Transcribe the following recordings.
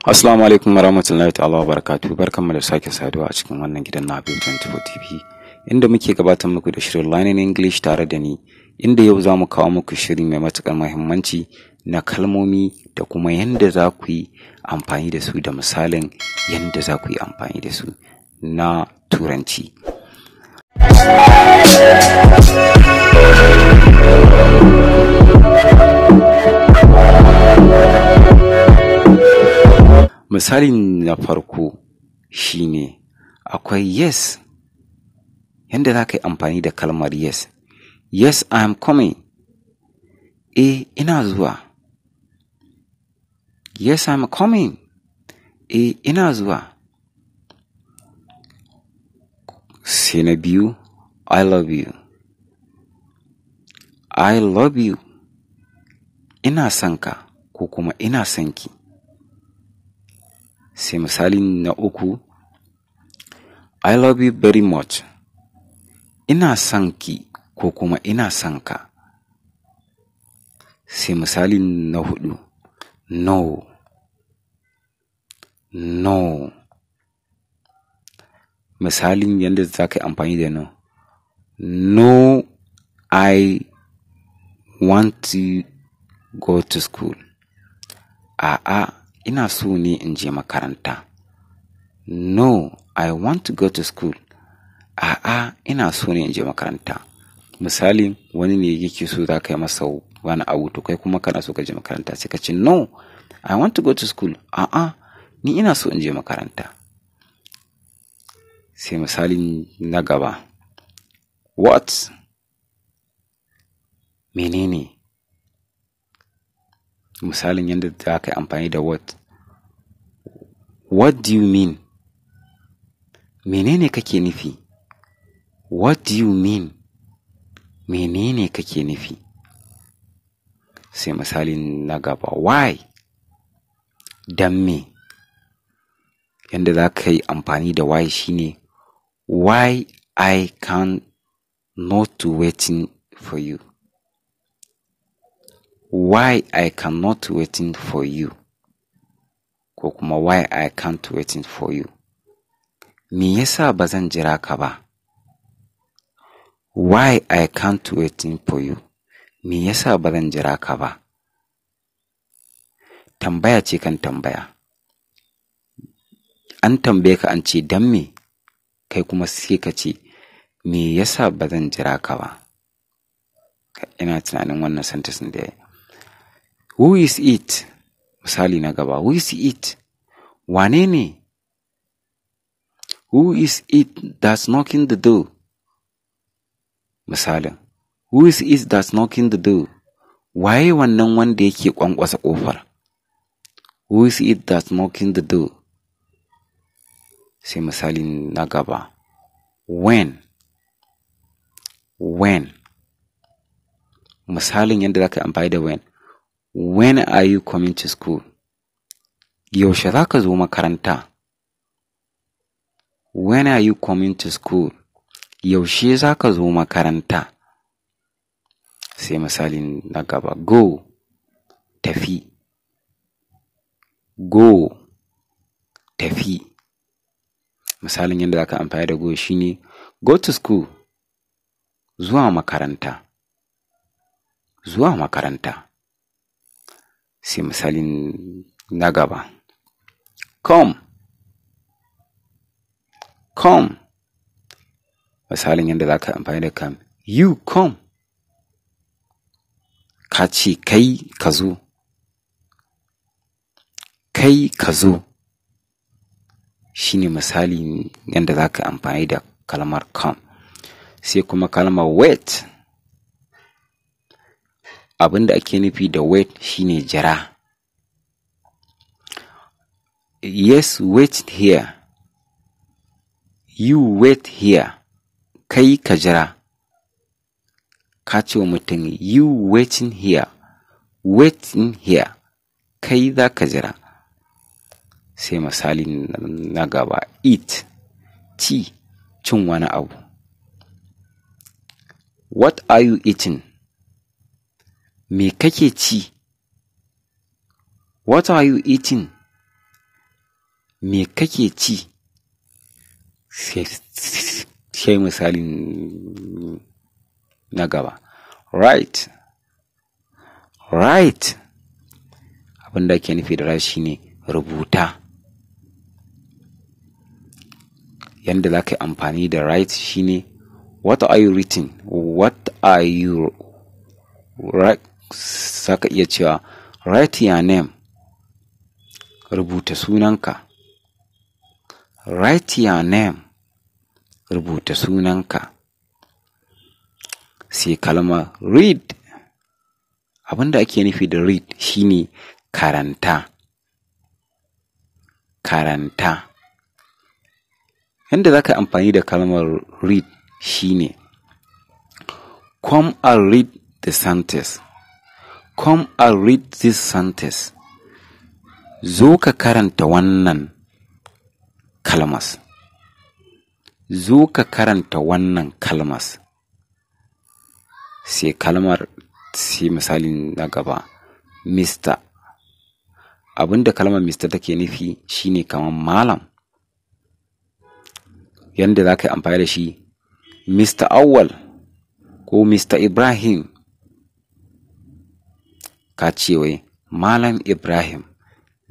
Assalamu alaikum warahmatullahi ta'ala wa barkan barkanmu da sake saduwa a cikin wannan gidan na Abu 24 TV inda muke gabatar muku da shirin Learning English tare da ni inda yau zamu kawo muku shiri mai matukar muhimmanci na kalmomi da kuma yanda za ku yi amfani da su da misalin yanda za ku yi amfani da su na turanci. misalin na farko shi ne, akwai yes yadda za ka yi amfani da kalmar yes yes i am coming e ina zuwa yes i am coming e ina zuwa sai na biyu i love you i love you ina son ka ko kuma ina son ki sai misali na uku I love you very much ina son ki ko kuma ina son ka sai misali na hudu no no misalin yadda za ka yi amfani da no no i want to go to school a'a ina so ne in je makaranta. No, I want to go to school. A'a, ina so ne in je makaranta. Misali, wani ne yake so za ka yi masa wani abu to kai kuma kana so ka je makaranta sai ka ce no, I want to go to school. A'a, ni ina so in je makaranta. Sai misali na gaba. What? Menene? misalin yadda za ka yi amfani da what what do you mean menene kake nufi what do you mean menene kake nufi sai misalin na gaba why dan me yadda za ka yi amfani da why shine why i can not waiting for you why I cannot waiting for you ko kuma why I can't waiting for you me yasa ba zan jira ka ba why I can't waiting for you me yasa ba zan jira ka ba tambaya ce kan tambaya an tambaye ka an ce dan me kai kuma sai ka ce me yasa ba zan jira ka ba ina tunanin wannan sentence da yayi who is it misali na gaba who is it wane ne who is it that's knocking the door misalin who is it that's knocking the door waye wannan wanda yake kwankwasa kofar who is it that's knocking the door sai misali na gaba when when misalin yadda za ka amfani da when When are you coming to school? Yaushe za ka zo makaranta? When are you coming to school? Yaushe za ka zo makaranta? Sai misalin na gaba, go, tafi. Go, tafi. Misalin yadda za ka amfani da go shi ne go to school, zuwa makaranta. Zuwa makaranta. sai misalin na gaba come come misalin yadda za ka amfani da come you come ka ce kai ka zo kai ka zo shi ne misalin yadda za ka amfani da kalmar come sai kuma kalmar wait abin da ake nufi da wet shine jira. yes wait here you wait here kai ka jira ka ce wa mutum you waiting here waiting here kai za ka jira sai misali na gaba eat ci cin wani abu what are you eating Me kake ci? What are you eating? Me kake ci? Sai misalin na gaba. Right. Right. Abin da ke nufi da rashi ne rubuta. Yanda za ka yi amfani da right shine what are you writing? What are you right? za ka iya cewa write your name rubuta sunanka write your name rubuta sunanka sai kalma read abinda ake nufi da read shine karanta karanta yadda za ka amfani da kalmar read shine come and read the sentence Come and read this sentence. Zo ka karanta wannan kalmas. Zo ka karanta wannan kalmas. Sai kalmar sai misalin na gaba. Mr. Abinda kalmar Mr. take nufi shine kamar malam. Yanda za ka yi amfani da shi Mr. Awal ko Mr. Ibrahim ka ce wai malam ibrahim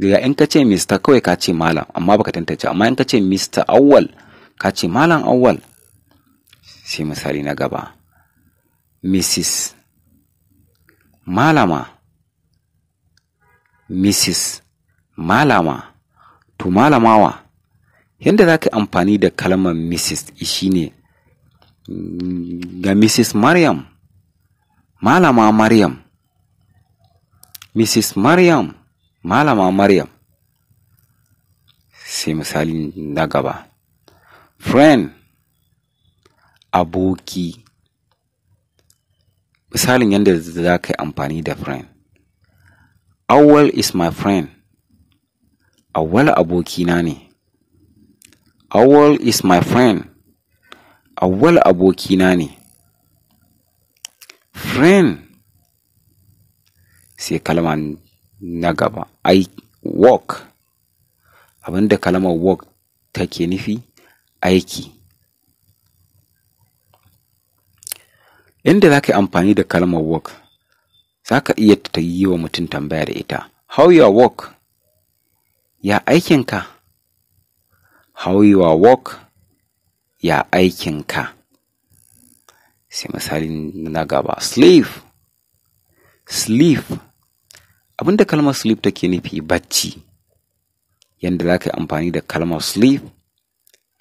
daga in ka ce mista kawai ka ce malam amma baka tantance amma in ka ce mista awwal ka ce malam awwal sai misali na gaba mrs malama mrs malama to malamawa yadda za ka amfani da kalmar mrs ne ga mrs maryam malama maryam Mrs. Maryam, Malama Maryam. Sai misali na gaba. Friend, aboki. Misalin yadda za ka yi amfani da friend. awal is my friend. Awal abokina ne. Awal is my friend. Awal abokina ne. Friend. sai kalma na gaba ai work abinda kalmar work take nufi aiki inda za ka yi amfani da kalmar work za ka iya ta yi wa mutum tambaya da ita how your work ya aikinka how your work ya aikinka sai misali na gaba Sleeve. Sleeve. Abin da kalmar sleep take nufi bacci yadda za ka yi amfani da kalmar sleep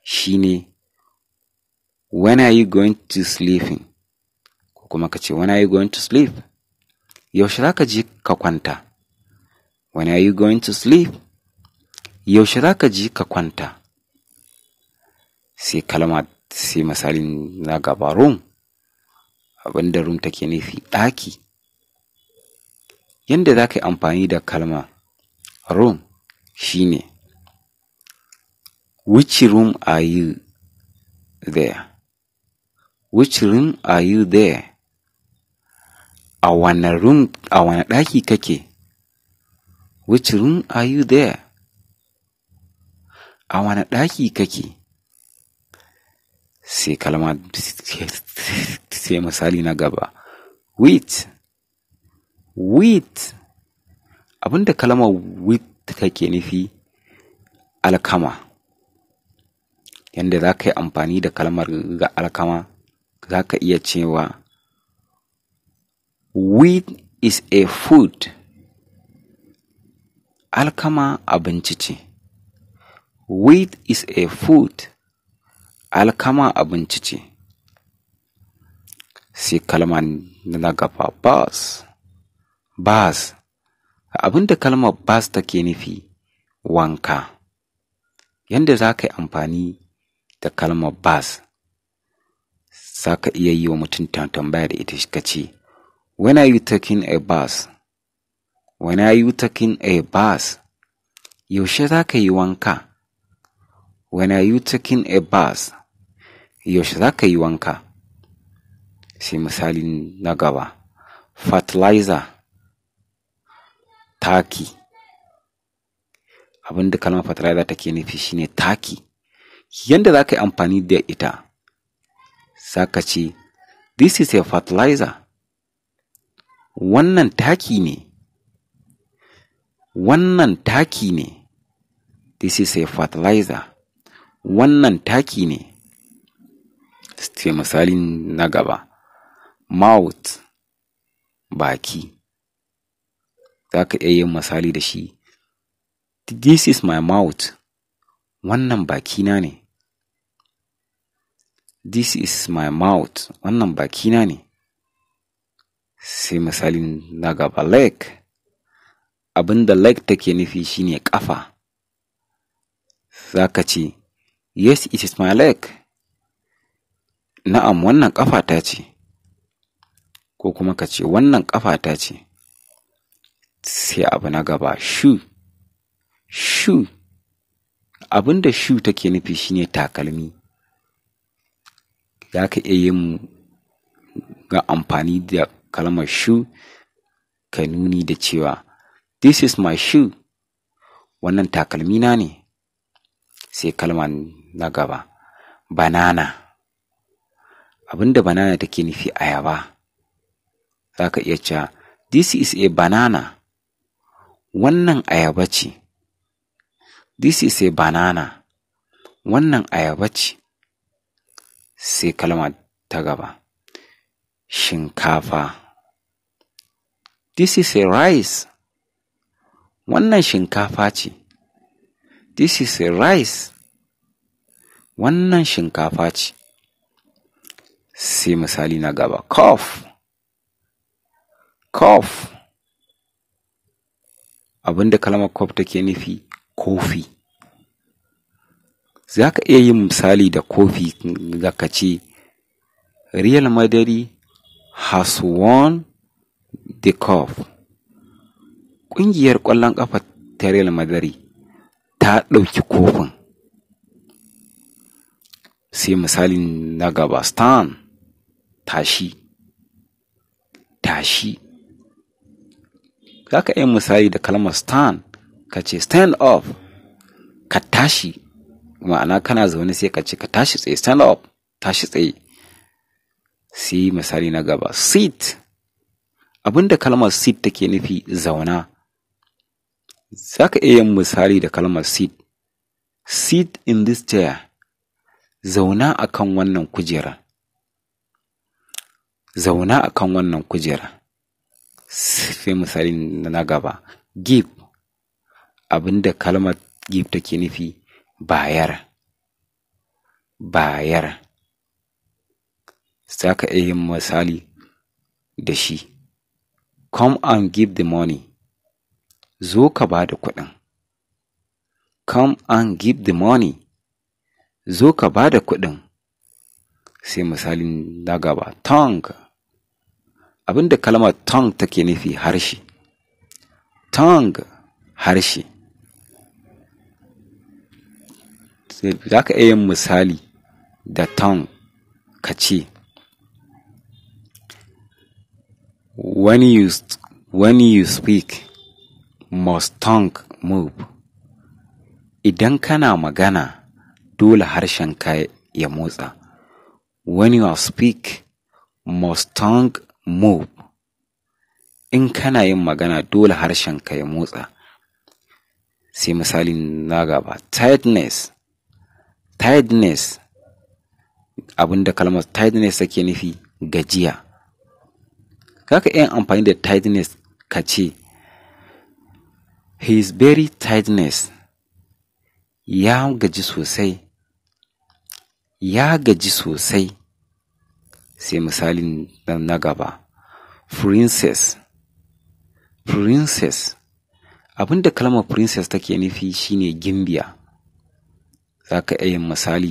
shine when are you going to sleeping ko kuma ka ce when are you going to sleep yaushe za ka je ka kwanta when are you going to sleep yaushe za ka je ka kwanta sai kalma sai misalin na gaba room da room take nufi ɗaki yadda za ka yi amfani da kalma room shi ne which room are you there which room are you there a wane room a wane ɗaki kake which room are you there a wane ɗaki kake sai kalma sai misali na gaba which Wit abinda kalmar wit take nufi alkama yadda za ka yi amfani da kalmar alkama za ka iya cewa Wit is a food alkama abinci ce wit is a food alkama abinci ce sai kalmar na gaba bus bas abinda kalmar bas take nufi wanka Yadda za ka yi amfani da kalmar bas za ka iya yi wa mutum tambaya da ita shi ce when are you taking a bus when are you taking a bus yaushe za ka yi wanka when are you taking a bus yaushe za ka yi wanka sai misalin na gaba fertilizer taki abin da kalmar fertilizer take nufi shine taki yanda za ka yi amfani da ita za ka ce this is a fertilizer wannan taki ne wannan taki ne this is a fertilizer wannan taki ne ce misalin na gaba mouth baki za ka iya yin misali da shi this is my mouth wannan bakina ne this is my mouth wannan bakina ne sai misalin na gaba leg abinda leg take nufi shine kafa za ka ce yes it is my leg na'am wannan kafa ta ce ko kuma ka ce wannan ƙafa ta ce sai abu na gaba shoe shoe abin da shoe take nufi shine takalmi za ka iya yin ga amfani da kalmar shu ka nuni da cewa this is my shoe wannan takalmi na ne sai kalmar na gaba banana abinda banana take nufi ayaba za ka iya cewa this is a banana wannan ayaba ce this is a banana wannan ayaba ce sai kalma ta gaba shinkafa this is a rice wannan shinkafa ce this is a rice wannan shinkafa ce sai misali na gaba cough cough abinda kalmar kwaf take nufi kofi za ka iya yin misali da kofi ga ka ce real madari has won the cup ƙungiyar ƙwallon ƙafa ta real madari ta ɗauki kofin sai misali na gaba tashi tashi za ka iya misali da kalmar stand ka ce stand up ka tashi ma'ana kana zaune sai ka ce ka tashi tsaye stand up tashi tsaye si misali na gaba seat. abinda kalmar seat take nufi zauna za ka iya yin misali da kalmar seat, seat in this chair zauna akan wannan kujera zauna akan wannan kujera sai misali na gaba give abinda kalmar give take nufi bayar bayar Sa ka iya yin misali da shi come and give the money zo ka ba da kuɗin come and give the money zo ka ba da kuɗin sai misalin na gaba tongue Abin da kalmar tongue take nufi harshe tongue harshe za ka iya yin misali da tongue ka ce when you, speak must tongue move idan kana magana dole harshen ka ya motsa when you speak must tongue move in kana yin magana dole harshenka ya motsa sai misali na gaba tiredness tiredness abinda kalmar tiredness take nufi gajiya kaka yin amfani da tiredness ka ce he is very tiredness ya gaji sosai ya gaji sosai sai misalin na gaba princess princess abinda da kalmar princess take nufi shine gimbiya za ka iya misali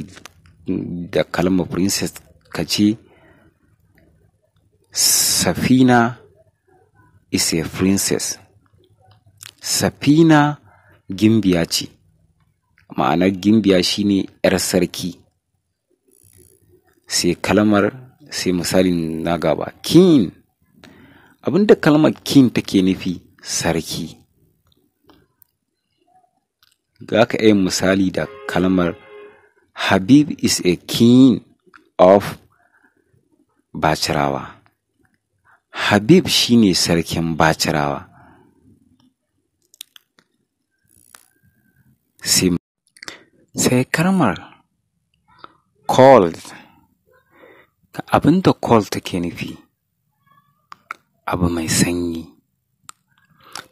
da kalmar princess ka ce safina is a princess safina gimbiya ce ma'anar gimbiya shine 'yar sarki sai kalmar sai misali na gaba kin abinda kalmar kin take nufi sarki ga ka yi misali da kalmar habib is a king of bacirawa habib shine sarkin bacirawa sai kalmar called Abin da cold take nufi, abu mai sanyi.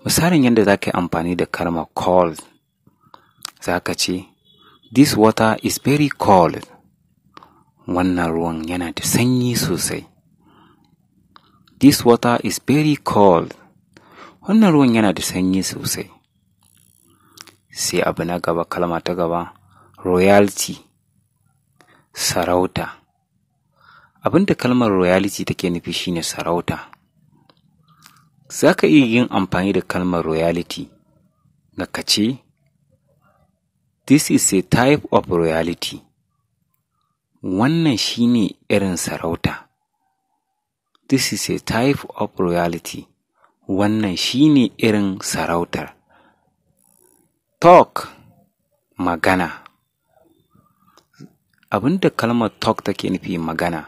Misalin yadda za ka yi amfani da karma cold, za ka ce, This water is very cold. Wannan ruwan yana da sanyi sosai. This water is very cold. Wannan ruwan yana da sanyi sosai. Sai abu na gaba, kalma ta gaba, royalty, sarauta. Abin da kalmar royalty take nufi shine sarauta. Za ka iya yin amfani da kalmar royalty na kace, This is a type of royalty. Wannan shine irin sarauta. This is a type of royalty. Wannan shine irin sarautar. Talk magana. Abin da kalmar talk take nufi magana.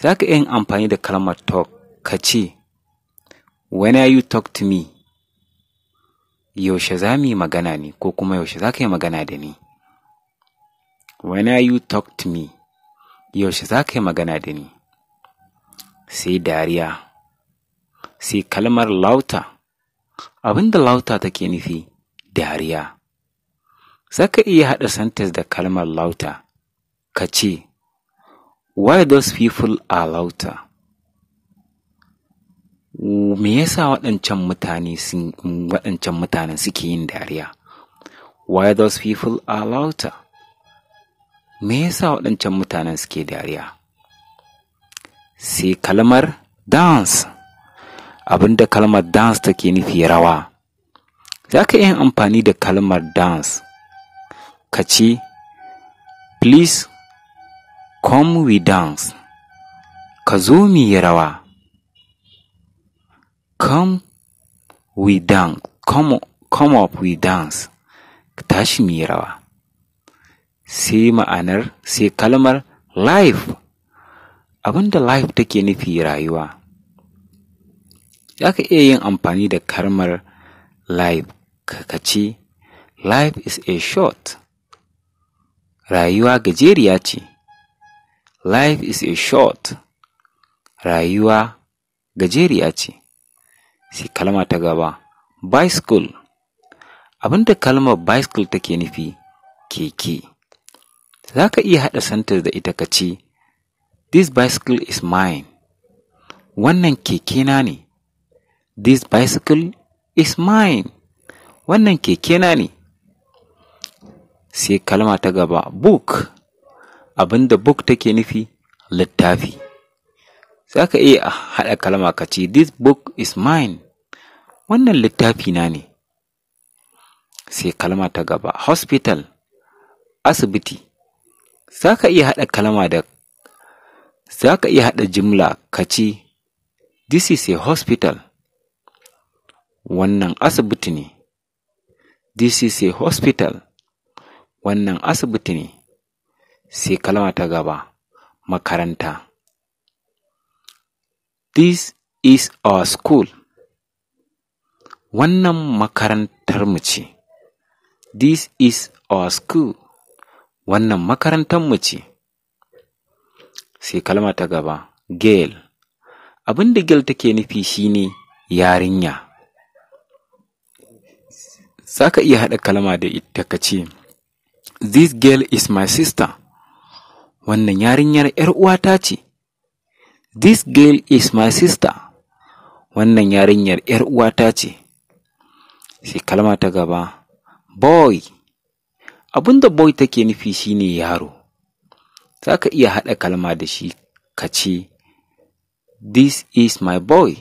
za ka yin amfani da kalmar talk ka ce when are you talk to me yaushe za mu yi magana ne ko kuma yaushe za ka yi magana da ni when are you talk to me yaushe za ka yi magana da ni sai dariya sai kalmar lauta abinda lauta take nufi dariya za ka iya haɗa sentence da kalmar lauta ka ce why those people are louder me yasa waɗancan mutane sun waɗancan mutanen suke yin dariya why those people are louder me yasa waɗancan mutanen suke dariya sai kalmar dance abinda kalmar dance take nufi rawa za ka yin amfani da kalmar dance ka ce please Come we dance. Ka zo mu yi rawa. Come we dance. Come, come up we dance. Ka tashi mu yi rawa. Sai ma'anar, sai kalmar life. Abinda life take nufi rayuwa. Za ka iya yin amfani da kalmar life ka ce, Life is a short. Rayuwa gajeriya ce. Life is a short. Rayuwa gajeriya ce. Sai kalma ta gaba, bicycle. Abinda kalmar bicycle take nufi keke. Za ka iya haɗa santar da ita ka ce, This bicycle is mine. Wannan kekena ne. This bicycle is mine. Wannan kekena ne. Sai kalma ta gaba, book. abin da book take nufi littafi za ka iya haɗa kalma ka ce this book is mine wannan littafi na ne sai kalma ta gaba hospital asibiti za ka iya haɗa kalma da za ka iya haɗa jimla ka ce this is a hospital wannan asibiti ne this is a hospital wannan asibiti ne Sai kalma ta gaba, makaranta. This is our school. Wannan makarantar mu ce. This is our school. Wannan makarantar mu ce. Sai kalma ta gaba, girl. Abin da girl take nufi shine yarinya. Za ka iya haɗa kalma da ita ka ce, This girl is my sister. wannan yarinyar ‘yar uwata ce, This girl is my sister, wannan yarinyar ‘yar uwata ce, sai kalma ta gaba, boy, abinda boy take nufi shine yaro, za ka iya haɗa kalma da shi ka ce, This is my boy,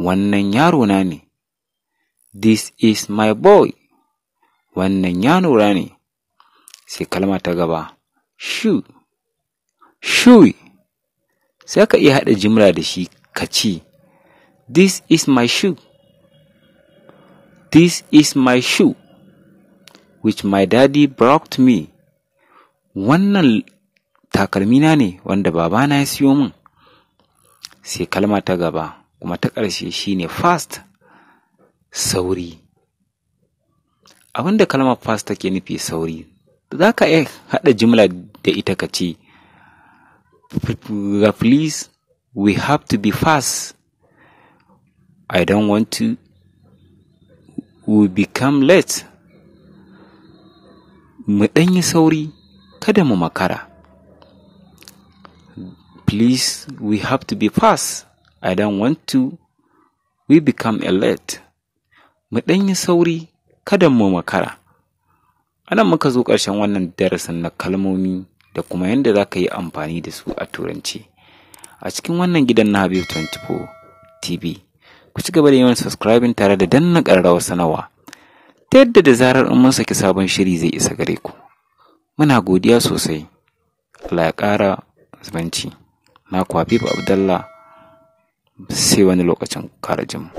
wannan yaro na ne, This is my boy, wannan yaro na ne, sai kalma ta gaba. shu, shui, sai ka iya haɗa jimla da shi ka ci, This is my shoe. This is my shoe, which my daddy brought me. Wannan takalmina ne wanda babana ya siyo min. Sai kalma ta gaba, kuma ta ƙarshe shine fast, sauri. Abinda kalmar fast take nufi sauri, za ka iya haɗa jimla da ita ka ce please we have to be fast i don't want to we become late mu ɗanyi sauri kada mu makara please we have to be fast i don't want to we become late mu ɗanyi sauri kada mu makara anan muka zo ƙarshen wannan darasin na kalmomi da kuma yadda za ka yi amfani da su a turanci a cikin wannan gidan na habib 24 tv ku ci gaba da yawan subscribing tare da danna ƙararrawar sanawa. ta yadda da zarar in mun saki sabon shiri zai isa gare ku muna godiya sosai Allah ya ƙara zubanci na ku habib abdallah sai wani lokacin karajin